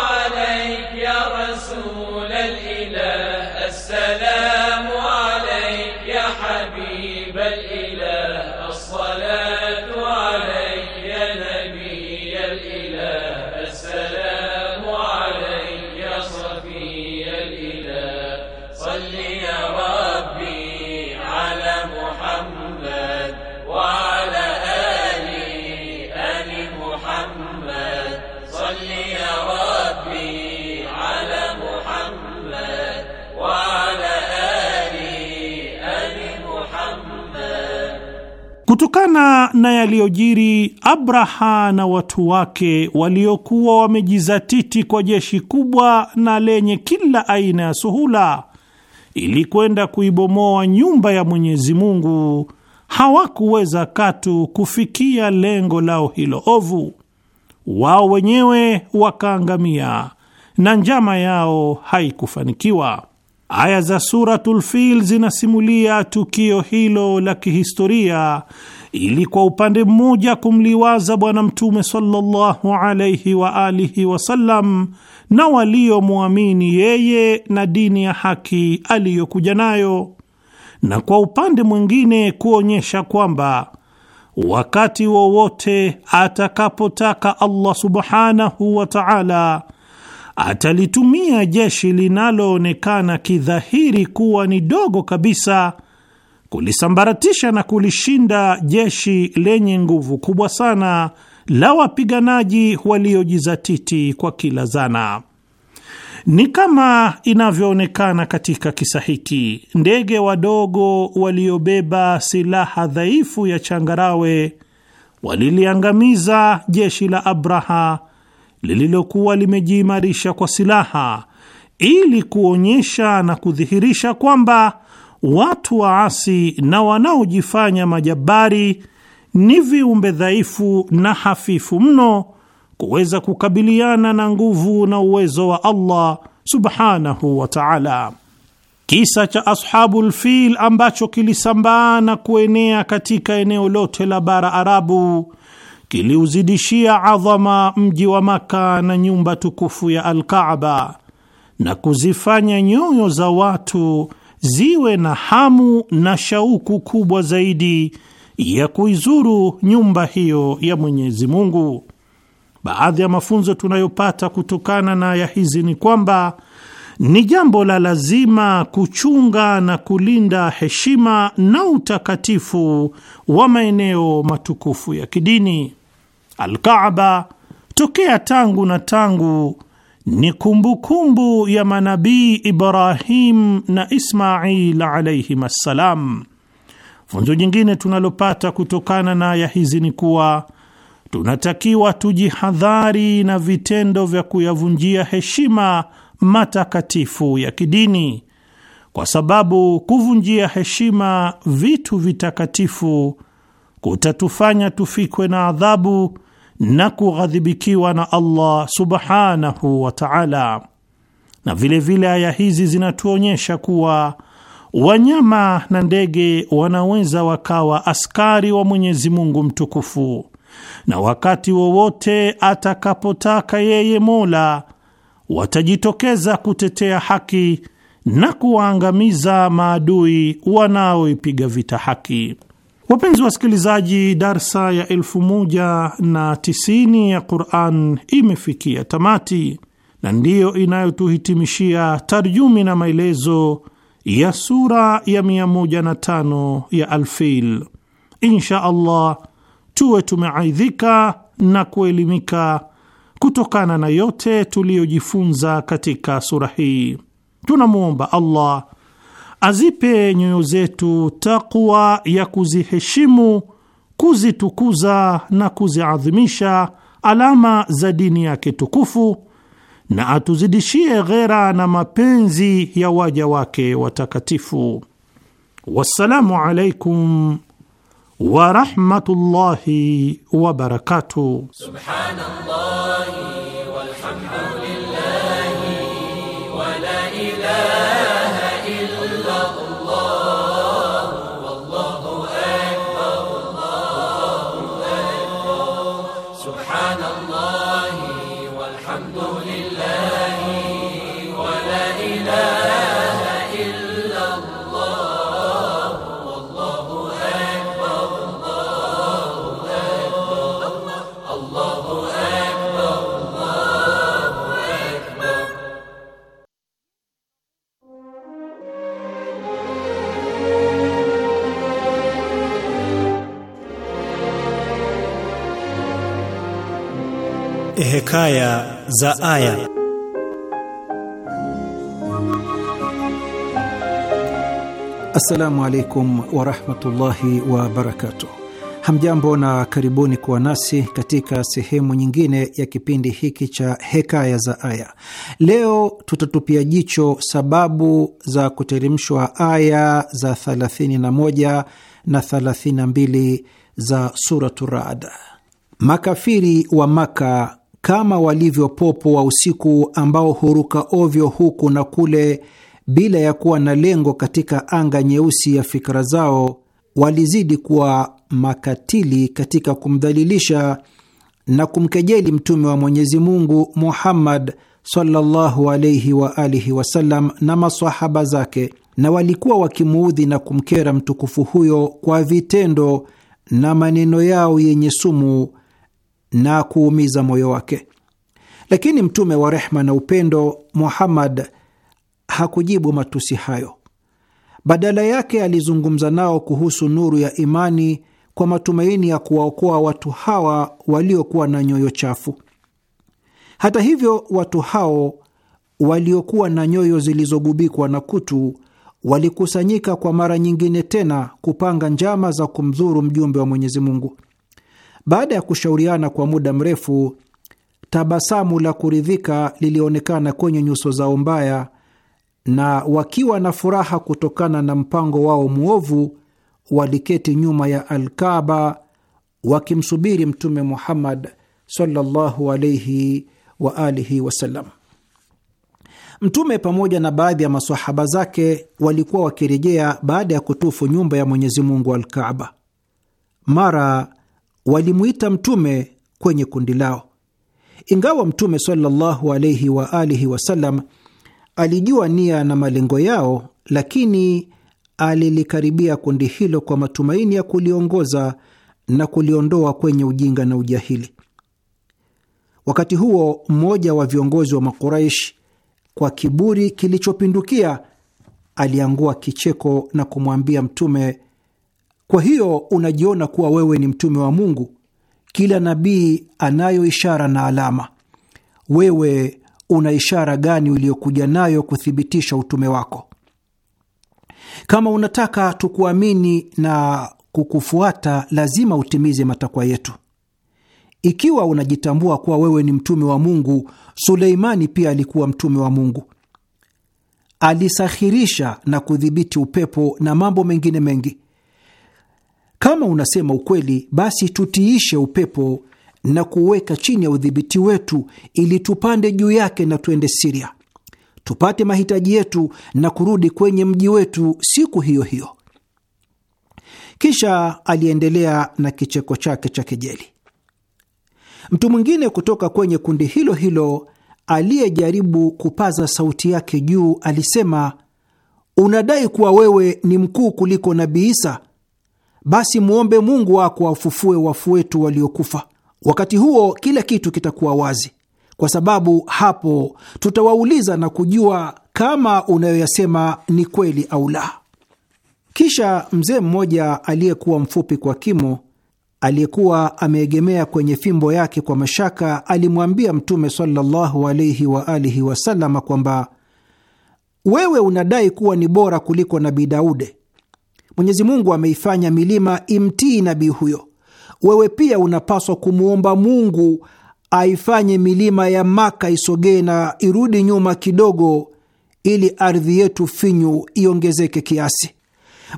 Kutokana na yaliyojiri, Abraha na watu wake waliokuwa wamejizatiti kwa jeshi kubwa na lenye kila aina ya suhula ili kwenda kuibomoa nyumba ya Mwenyezi Mungu hawakuweza katu kufikia lengo lao hilo ovu. Wao wenyewe wakaangamia na njama yao haikufanikiwa. Aya za Suratul Fil zinasimulia tukio hilo la kihistoria ili kwa upande mmoja kumliwaza Bwana Mtume sallallahu alaihi wa alihi wasallam na waliomwamini yeye na dini ya haki aliyokuja nayo, na kwa upande mwingine kuonyesha kwamba wakati wowote atakapotaka Allah subhanahu wa ta'ala atalitumia jeshi linaloonekana kidhahiri kuwa ni dogo kabisa kulisambaratisha na kulishinda jeshi lenye nguvu kubwa sana la wapiganaji waliojizatiti kwa kila zana. Ni kama inavyoonekana katika kisa hiki, ndege wadogo waliobeba silaha dhaifu ya changarawe waliliangamiza jeshi la Abraha lililokuwa limejiimarisha kwa silaha ili kuonyesha na kudhihirisha kwamba watu waasi na wanaojifanya majabari ni viumbe dhaifu na hafifu mno kuweza kukabiliana na nguvu na uwezo wa Allah subhanahu wa ta'ala. Kisa cha Ashabul Fil ambacho kilisambaa na kuenea katika eneo lote la bara Arabu kiliuzidishia adhama mji wa Maka na nyumba tukufu ya Alkaaba na kuzifanya nyoyo za watu ziwe na hamu na shauku kubwa zaidi ya kuizuru nyumba hiyo ya Mwenyezi Mungu. Baadhi ya mafunzo tunayopata kutokana na aya hizi ni kwamba ni jambo la lazima kuchunga na kulinda heshima na utakatifu wa maeneo matukufu ya kidini. Alkaaba tokea tangu na tangu ni kumbukumbu kumbu ya manabii Ibrahim na Ismail alayhim assalam. Funzo jingine tunalopata kutokana na aya hizi ni kuwa tunatakiwa tujihadhari na vitendo vya kuyavunjia heshima matakatifu ya kidini, kwa sababu kuvunjia heshima vitu vitakatifu kutatufanya tufikwe na adhabu na kughadhibikiwa na Allah subhanahu wa ta'ala. Na vilevile aya hizi zinatuonyesha kuwa wanyama na ndege wanaweza wakawa askari wa Mwenyezi Mungu mtukufu, na wakati wowote atakapotaka yeye Mola watajitokeza kutetea haki na kuwaangamiza maadui wanaoipiga vita haki. Wapenzi wasikilizaji, darsa ya elfu moja na tisini ya Quran imefikia tamati na ndiyo inayotuhitimishia tarjumi na maelezo ya sura ya tano ya Alfil. Insha Allah tuwe tumeaidhika na kuelimika kutokana na yote tuliyojifunza katika sura hii. Tunamwomba Allah azipe nyoyo zetu takwa ya kuziheshimu, kuzitukuza na kuziadhimisha alama za dini yake tukufu, na atuzidishie ghera na mapenzi ya waja wake watakatifu. Wassalamu alaikum warahmatullahi wabarakatuh. Subhanallah. سبحان الله Hekaya za aya. Assalamu alaikum warahmatullahi wabarakatuh. Hamjambo na karibuni kuwa nasi katika sehemu nyingine ya kipindi hiki cha Hekaya za Aya. Leo tutatupia jicho sababu za kuteremshwa aya za 31 na 32 za Suratu Raad. Makafiri wa Maka kama walivyo popo wa usiku ambao huruka ovyo huku na kule bila ya kuwa na lengo katika anga nyeusi ya fikra zao, walizidi kuwa makatili katika kumdhalilisha na kumkejeli Mtume wa Mwenyezi Mungu Muhammad sallallahu alayhi wa alihi wasallam na masahaba zake, na walikuwa wakimuudhi na kumkera mtukufu huyo kwa vitendo na maneno yao yenye sumu na kuumiza moyo wake. Lakini mtume wa rehma na upendo Muhammad hakujibu matusi hayo. Badala yake alizungumza nao kuhusu nuru ya imani kwa matumaini ya kuwaokoa watu hawa waliokuwa na nyoyo chafu. Hata hivyo, watu hao waliokuwa na nyoyo zilizogubikwa na kutu walikusanyika kwa mara nyingine tena kupanga njama za kumdhuru mjumbe wa Mwenyezi Mungu. Baada ya kushauriana kwa muda mrefu, tabasamu la kuridhika lilionekana kwenye nyuso zao mbaya, na wakiwa na furaha kutokana na mpango wao mwovu, waliketi nyuma ya Alkaba wakimsubiri Mtume Muhammad sallallahu alaihi wa alihi wasallam. Mtume pamoja na baadhi ya masahaba zake walikuwa wakirejea baada ya kutufu nyumba ya Mwenyezi Mungu Mara walimwita mtume kwenye kundi lao, ingawa mtume sallallahu alaihi wa alihi wasallam alijua nia na malengo yao, lakini alilikaribia kundi hilo kwa matumaini ya kuliongoza na kuliondoa kwenye ujinga na ujahili. Wakati huo mmoja wa viongozi wa Makuraish kwa kiburi kilichopindukia aliangua kicheko na kumwambia Mtume kwa hiyo unajiona kuwa wewe ni mtume wa Mungu. Kila nabii anayo ishara na alama. Wewe una ishara gani uliyokuja nayo kuthibitisha utume wako? Kama unataka tukuamini na kukufuata, lazima utimize matakwa yetu. Ikiwa unajitambua kuwa wewe ni mtume wa Mungu, Suleimani pia alikuwa mtume wa Mungu. Alisahirisha na kudhibiti upepo na mambo mengine mengi. Kama unasema ukweli, basi tutiishe upepo na kuweka chini ya udhibiti wetu, ili tupande juu yake na tuende Siria tupate mahitaji yetu na kurudi kwenye mji wetu siku hiyo hiyo. Kisha aliendelea na kicheko chake cha kejeli. Mtu mwingine kutoka kwenye kundi hilo hilo aliyejaribu kupaza sauti yake juu alisema, unadai kuwa wewe ni mkuu kuliko Nabii Isa basi mwombe Mungu wako afufue wafu wetu waliokufa. Wakati huo kila kitu kitakuwa wazi, kwa sababu hapo tutawauliza na kujua kama unayoyasema ni kweli au la. Kisha mzee mmoja aliyekuwa mfupi kwa kimo, aliyekuwa ameegemea kwenye fimbo yake kwa mashaka, alimwambia Mtume sallallahu alaihi wa alihi kwamba wewe unadai kuwa ni bora kuliko Nabii Daude Mwenyezi Mungu ameifanya milima imtii nabii huyo. Wewe pia unapaswa kumwomba Mungu aifanye milima ya Maka isogee na irudi nyuma kidogo, ili ardhi yetu finyu iongezeke kiasi.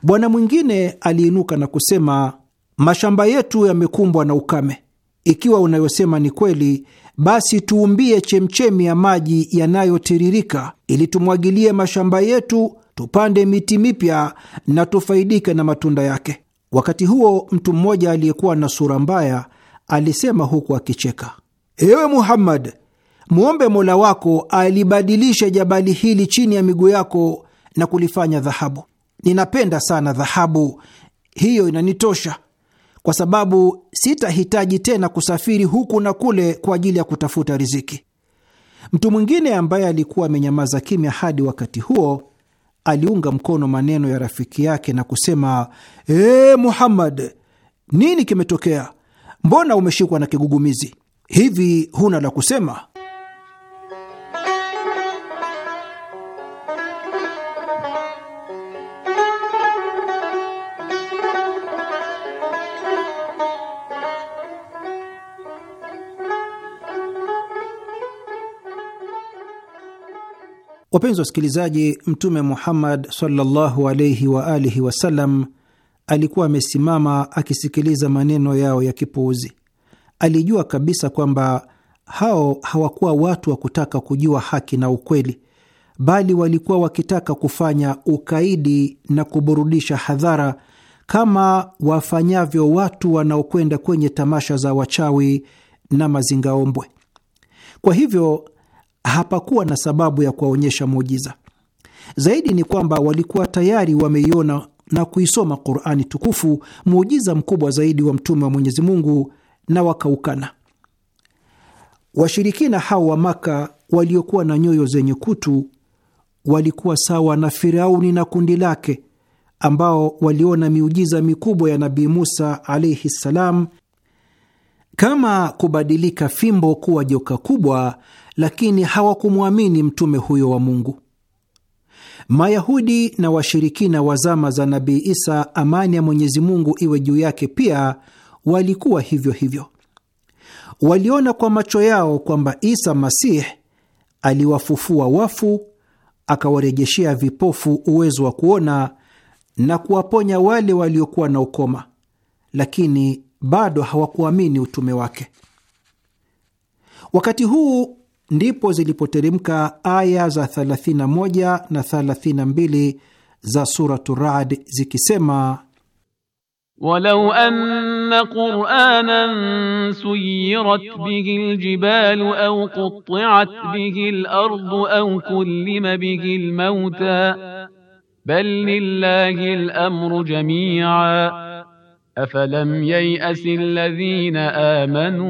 Bwana mwingine aliinuka na kusema, mashamba yetu yamekumbwa na ukame. Ikiwa unayosema ni kweli, basi tuumbie chemchemi ya maji yanayotiririka, ili tumwagilie mashamba yetu tupande miti mipya na tufaidike na matunda yake. Wakati huo mtu mmoja aliyekuwa na sura mbaya alisema huku akicheka, ewe Muhammad, mwombe Mola wako alibadilishe jabali hili chini ya miguu yako na kulifanya dhahabu. Ninapenda sana dhahabu, hiyo inanitosha kwa sababu sitahitaji tena kusafiri huku na kule kwa ajili ya kutafuta riziki. Mtu mwingine ambaye alikuwa amenyamaza kimya hadi wakati huo aliunga mkono maneno ya rafiki yake na kusema, ee Muhammad, nini kimetokea? Mbona umeshikwa na kigugumizi hivi? Huna la kusema? Wapenzi wasikilizaji, Mtume Muhammad sallallahu alaihi wa alihi wasallam alikuwa amesimama akisikiliza maneno yao ya kipuuzi. Alijua kabisa kwamba hao hawakuwa watu wa kutaka kujua haki na ukweli, bali walikuwa wakitaka kufanya ukaidi na kuburudisha hadhara kama wafanyavyo watu wanaokwenda kwenye tamasha za wachawi na mazingaombwe. Kwa hivyo hapakuwa na sababu ya kuwaonyesha muujiza. Zaidi ni kwamba walikuwa tayari wameiona na kuisoma Qurani tukufu, muujiza mkubwa zaidi wa mtume wa Mwenyezi Mungu, na wakaukana. Washirikina hao wa Maka waliokuwa na nyoyo zenye kutu walikuwa sawa na Firauni na kundi lake ambao waliona miujiza mikubwa ya Nabii Musa alaihi ssalam, kama kubadilika fimbo kuwa joka kubwa lakini hawakumwamini mtume huyo wa Mungu. Mayahudi na washirikina wa zama za Nabii Isa, amani ya Mwenyezi Mungu iwe juu yake, pia walikuwa hivyo hivyo. Waliona kwa macho yao kwamba Isa Masih aliwafufua wafu, akawarejeshea vipofu uwezo wa kuona na kuwaponya wale waliokuwa na ukoma, lakini bado hawakuamini utume wake. Wakati huu ndipo zilipoteremka aya za 31 na 32 za Suratu Rad zikisema Walau anna Qur'anan suyirat bihi aljibalu au quti'at bihi alardu au kullima bihi almauta bal lillahi alamru jami'a afalam yay'asi alladhina amanu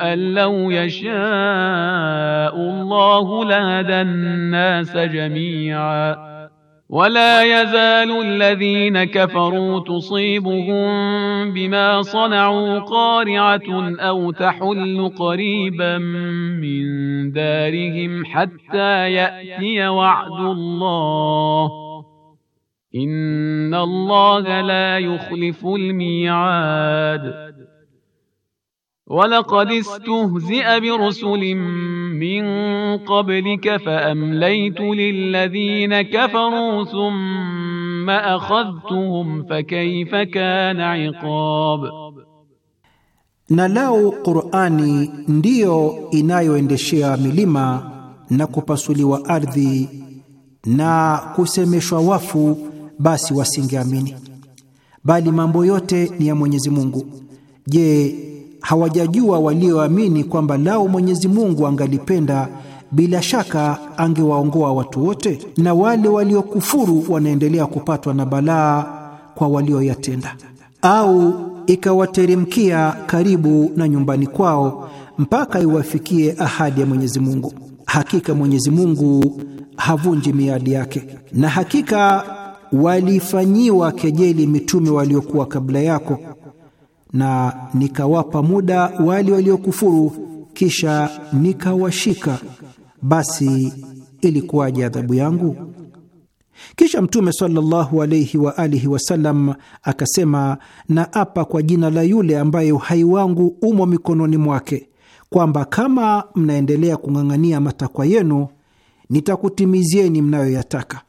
أن لو يشاء الله لهدى الناس جميعا ولا يزال الذين كفروا تصيبهم بما صنعوا قارعة أو تحل قريبا من دارهم حتى يأتي وعد الله إن الله لا يخلف الميعاد walaqad istuhzia birusulin min qablika faamlaytu lilladhina kafaru thumma akhadhtuhum fakayfa kana iqab, na lau Qur'ani ndiyo inayoendeshea milima na kupasuliwa ardhi na kusemeshwa wafu, basi wasingeamini, bali mambo yote ni ya Mwenyezi Mungu. Je, hawajajua walioamini kwamba lao Mwenyezi Mungu angalipenda bila shaka angewaongoa watu wote, na wale waliokufuru wanaendelea kupatwa na balaa kwa walioyatenda. Au ikawateremkia karibu na nyumbani kwao mpaka iwafikie ahadi ya Mwenyezi Mungu. Hakika Mwenyezi Mungu havunji miadi yake. Na hakika walifanyiwa kejeli mitume waliokuwa kabla yako na nikawapa muda wale waliokufuru, kisha nikawashika. Basi ilikuwaje adhabu yangu? Kisha Mtume sallallahu alayhi wa alihi wasallam akasema, na apa kwa jina la yule ambaye uhai wangu umo mikononi mwake, kwamba kama mnaendelea kung'ang'ania matakwa yenu nitakutimizieni mnayoyataka,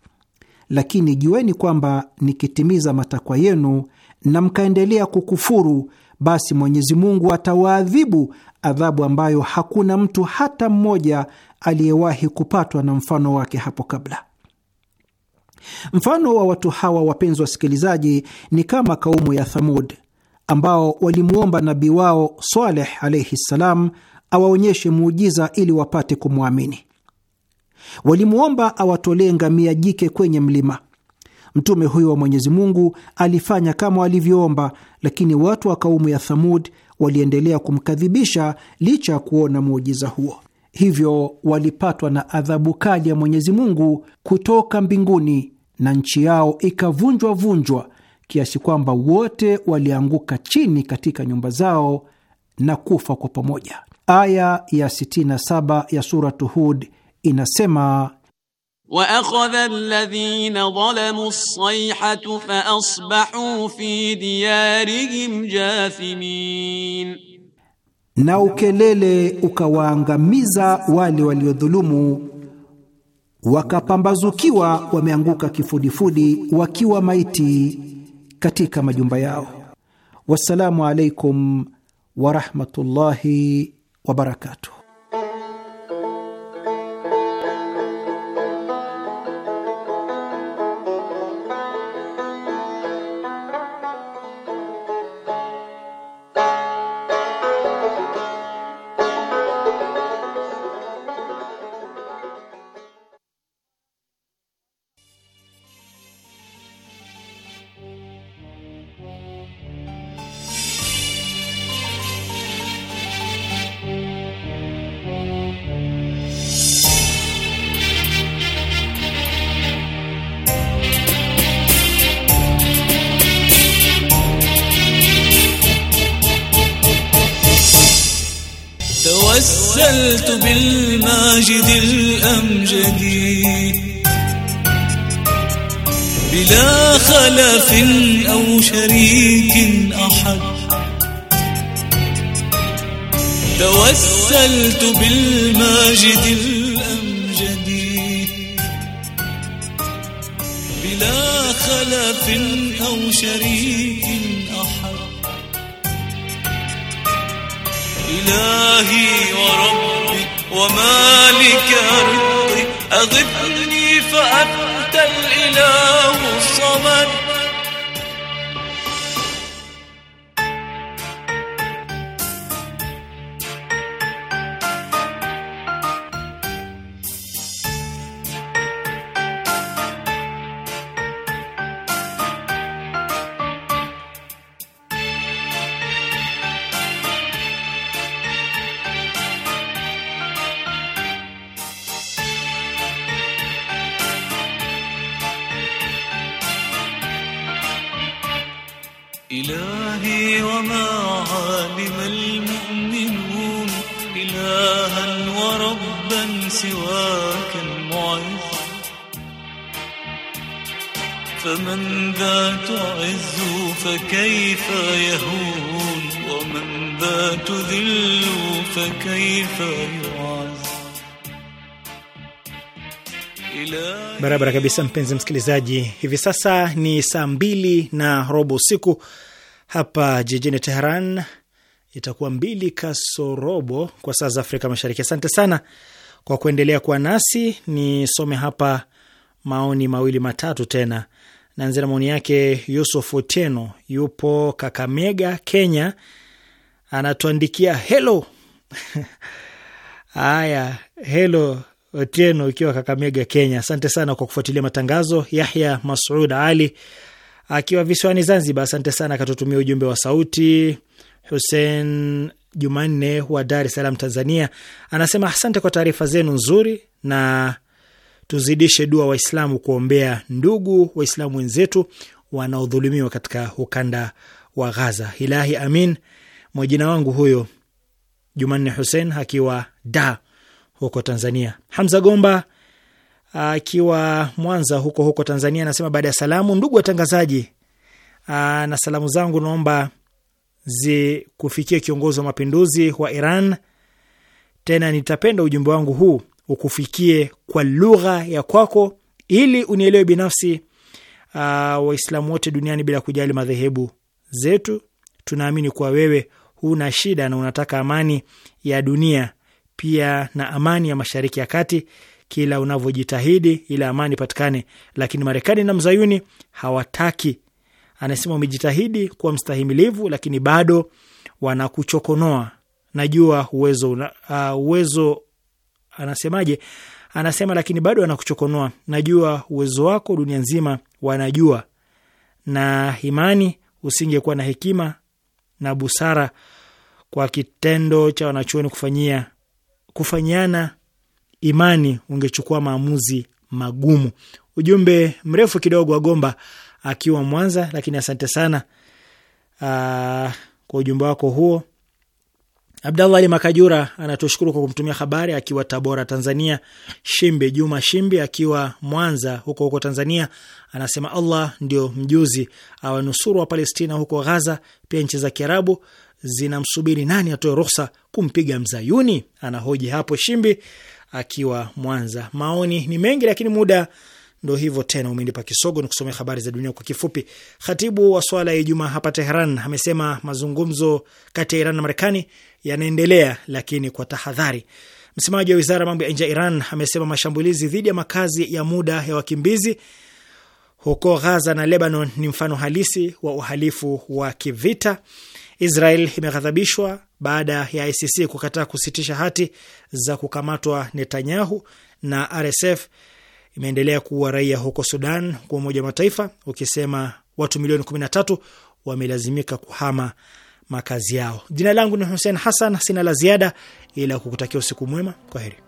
lakini jueni kwamba nikitimiza matakwa yenu na mkaendelea kukufuru, basi Mwenyezi Mungu atawaadhibu adhabu ambayo hakuna mtu hata mmoja aliyewahi kupatwa na mfano wake hapo kabla. Mfano wa watu hawa, wapenzi wasikilizaji, ni kama kaumu ya Thamud ambao walimwomba nabii wao Saleh alaihi ssalam awaonyeshe muujiza ili wapate kumwamini. Walimwomba awatolee ngamia jike kwenye mlima Mtume huyo wa Mwenyezi Mungu alifanya kama alivyoomba, lakini watu wa kaumu ya Thamud waliendelea kumkadhibisha licha ya kuona muujiza huo. Hivyo walipatwa na adhabu kali ya Mwenyezi Mungu kutoka mbinguni na nchi yao ikavunjwa vunjwa kiasi kwamba wote walianguka chini katika nyumba zao na kufa kwa pamoja. Aya ya 67 ya suratu Hud inasema وأخذ الذين ظلموا الصيحة فأصبحوا في ديارهم جاثمين na ukelele ukawaangamiza wale waliodhulumu wakapambazukiwa wameanguka kifudifudi wakiwa maiti katika majumba yao wassalamu alaikum warahmatullahi wabarakatu الماجد الأمجد بلا خلف أو شريك أحد توسلت بالماجد الأمجد بلا خلف أو شريك woman فمن ذا تعز فكيف يهون ومن ذا تذل فكيف يعز barabara kabisa mpenzi msikilizaji hivi sasa ni saa mbili na robo usiku hapa jijini teheran itakuwa mbili kasorobo kwa saa za afrika mashariki asante sana kwa kuendelea kuwa nasi nisome hapa maoni mawili matatu tena Naanzia na maoni yake Yusuf Otieno, yupo Kakamega, Kenya, anatuandikia helo haya helo teno ukiwa Kakamega, Kenya. Asante sana kwa kufuatilia matangazo. Yahya Masud Ali akiwa visiwani Zanzibar, asante sana, akatutumia ujumbe wa sauti. Hussein Jumanne wa Dar es Salaam, Tanzania, anasema asante kwa taarifa zenu nzuri na tuzidishe dua Waislamu kuombea ndugu Waislamu wenzetu wanaodhulumiwa katika ukanda wa Ghaza. Ilahi, amin. Mwajina wangu huyo Jumanne Hussein akiwa da huko Tanzania. Hamza Gomba akiwa Mwanza huko huko Tanzania anasema, baada ya salamu, ndugu watangazaji, na salamu zangu naomba zikufikie kiongozi wa mapinduzi wa Iran. Tena nitapenda ujumbe wangu huu ukufikie kwa lugha ya kwako ili unielewe binafsi. Uh, Waislamu wote duniani bila kujali madhehebu zetu, tunaamini kuwa wewe huna shida na unataka amani ya dunia pia na amani ya Mashariki ya Kati kila unavyojitahidi ila amani patikane, lakini Marekani na mzayuni hawataki. Anasema umejitahidi kuwa mstahimilivu, lakini bado wanakuchokonoa. Najua uwezo, uh, uwezo anasemaje? Anasema, lakini bado anakuchokonoa. Najua uwezo wako, dunia nzima wanajua, na imani usingekuwa na hekima na busara kwa kitendo cha wanachuoni kufanyia kufanyiana imani, ungechukua maamuzi magumu. Ujumbe mrefu kidogo, wagomba akiwa Mwanza, lakini asante sana aa, ah, kwa ujumbe wako huo Abdallah Ali Makajura anatushukuru kwa kumtumia habari akiwa Tabora, Tanzania. Shimbi Juma Shimbi akiwa Mwanza huko huko Tanzania anasema Allah ndio mjuzi, awanusuru wa Palestina huko Ghaza, pia nchi za Kiarabu zinamsubiri nani atoe ruhusa kumpiga mzayuni? Anahoji hapo Shimbi akiwa Mwanza. Maoni ni mengi, lakini muda Ndo hivyo tena, umenipa kisogo ni kusomea habari za dunia kwa kifupi. Khatibu wa swala ya Ijumaa hapa Teheran amesema mazungumzo kati ya Iran na Marekani yanaendelea, lakini kwa tahadhari. Msemaji wa wizara ya mambo ya nje ya Iran amesema mashambulizi dhidi ya makazi ya muda ya wakimbizi huko Ghaza na Lebanon ni mfano halisi wa uhalifu wa kivita. Israel imeghadhabishwa baada ya ICC kukataa kusitisha hati za kukamatwa Netanyahu na RSF imeendelea kuua raia huko Sudan, kwa Umoja wa Mataifa ukisema watu milioni 13 wamelazimika kuhama makazi yao. Jina langu ni Hussein Hassan, sina la ziada ila kukutakia usiku mwema. Kwa heri.